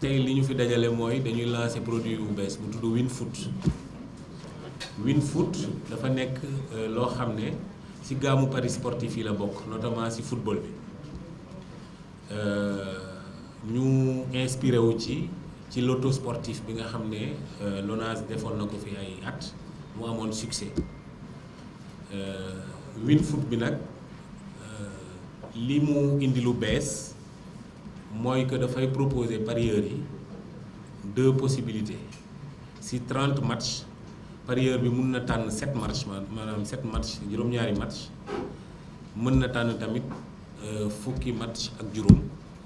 tey li ñu fi dajale mooy dañuy lancer produit bu bees bu tudd WinFoot WinFoot dafa nekk euh, loo xam ne ci gaamu paris sportif yi la bokk notamment ci football bi euh, ñu inspiré wu ci ci loto sportif bi nga xam ne euh, LONASE defoon na ko fi ay at mu amoon succès WinFoot bi nag li mu indi lu bees. mooy que dafay proposer parieurs yi deux possibilités si trente matchs parieur bi mun na tànn sept matchs maanaam sept matchs juróom-ñaari match mën na tànn tamit euh, fukki match ak juróom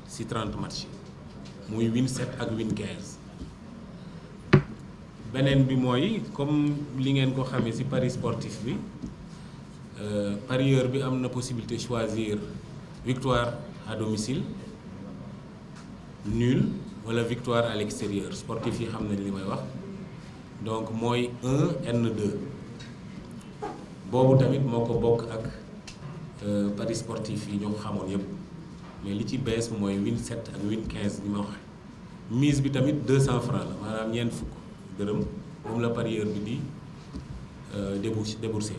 si trent matchs yi muy win sept ak win quinze beneen bi mooy comme li ngeen ko xamee si pari sportif bi euh, parieur bi am na possibilité choisir victoire à domicile nul wala victoire à l'extérieur sportif yi xam nañ li may wax donc mooy 1 n boobu tamit moo ko bokk ak euh, paris sportif yi ñoo ko xamoon yépp mais li ci bees mooy win 7 ak win 15 ni mise bi tamit 200 francs la maanaam ñeent fukk dërëm moom la parieur bi di euh, débourser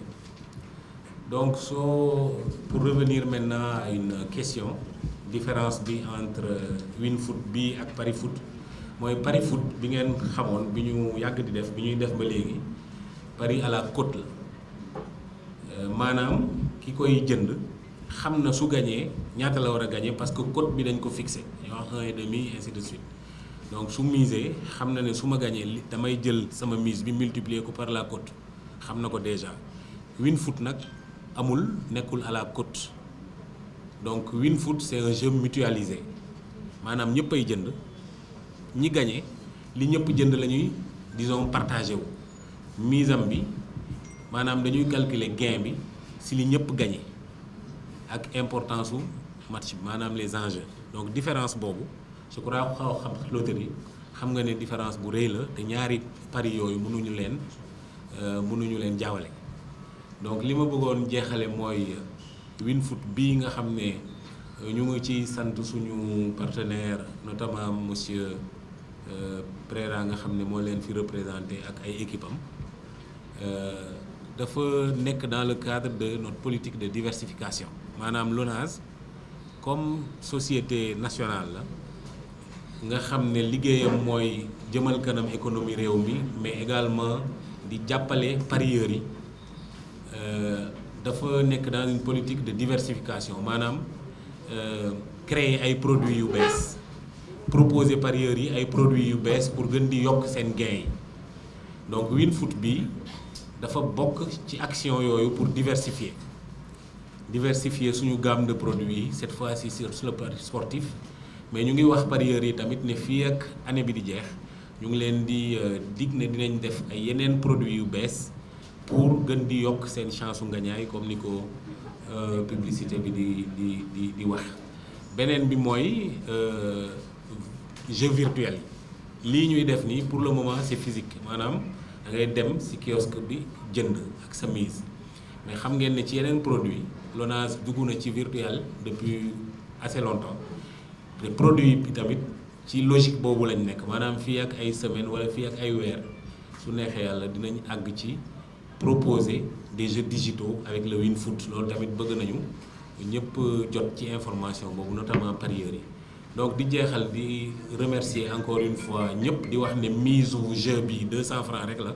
donc soo pour revenir maintenant à une question différence bi entre Winfoot bi ak Parifoot mooy Parifoot bi ngeen xamoon bi ñu yàgg di def bi ñuy def ba léegi pari à la cote la euh, maanaam ki koy jënd xam na su gañee ñaata la war a gañee parce que cote bi dañ ko fixé dañoo wax un et demi ainsi de suite donc su misé xam na ne su ma gañee li damay jël sama mise bi multiplier ko par la cote xam na ko déjà Winfoot nag amul nekkul à la cote donc WinFoot c'est un jeu mutualisé maanaam ñëpp ay jënd ñi gagné li ñëpp jënd la ñuy disons partagé wu mise am bi maanaam dañuy calculer gain bi si li ñëpp gagné ak importance su match bi maanaam les enjeux donc différence boobu je crois xaw xam loterie xam nga ne différence bu rëy la te ñaari paris yooyu mënuñu leen euh, mënuñu leen jaawale donc li ma bëggoon jeexale mooy. Winfoot bii nga xam ne euh, ñu nga ci sant suñu partenaire notamment monsieur euh, Préra nga xam ne moo leen fi représenté ak ay équipe am euh, dafa nekk dans le cadre de notre politique de diversification maanaam LONASE comme société nationale la nga xam ne liggéeyam mooy jëmal kanam économie réew mi mais également di jàppale parieurs yi dafa nekk dans une politique de diversification maanaam euh, créer ay produits yu bees proposer parieurs yi ay produits yu bees pour gën di yokk seen gain yi donc WinFoot bi dafa bokk ci action yooyu pour diversifier diversifier suñu gamme de produit yi cette fois-ci sur le pari sportif mais ñu ngi wax parieurs yi tamit ne fii ak année bi di jeex ñu ngi leen di euh, dig ne dinañ def ay yeneen produits yu bees pour gën di yokk seen chance su ngañaay comme ni ko euh, publicité bi di di di wax beneen bi mooy euh, jeu virtuel lii ñuy def nii pour le moment c'est physique maanaam da ngay dem ci kiosque bi jënd ak sa mise mais xam ngeen ne ci yeneen produit Lonase dugg na ci virtuel depuis assez longtemps te produit bi tamit ci logique boobu lañ nekk maanaam fii ak ay semaine wala fii ak ay weer su neexee yàlla dinañ àgg ci proposer des jeux digitaux avec le WinFoot loolu tamit bëgg nañu ñëpp jot ci information boobu notamment parieurs yi donc di jeexal di remercier encore une fois ñëpp di wax ne mise au jeu bi 200 francs rek la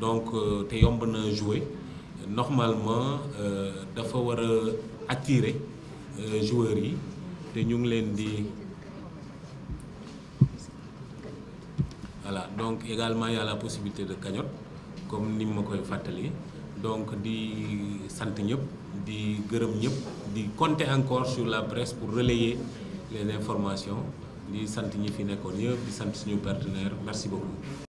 donc euh, te yomb na jouer normalement euh, dafa war a attirer euh, joueurs yi te ñu ngi leen di voilà donc également y la possibilité de cagnotte comme ni ma koy fàttali donc di sant ñëpp di gërëm ñëpp di compter encore sur la presse pour relayer les informations di sant ñi fi nekkoon yëpp di sant suñu partenaire merci boobu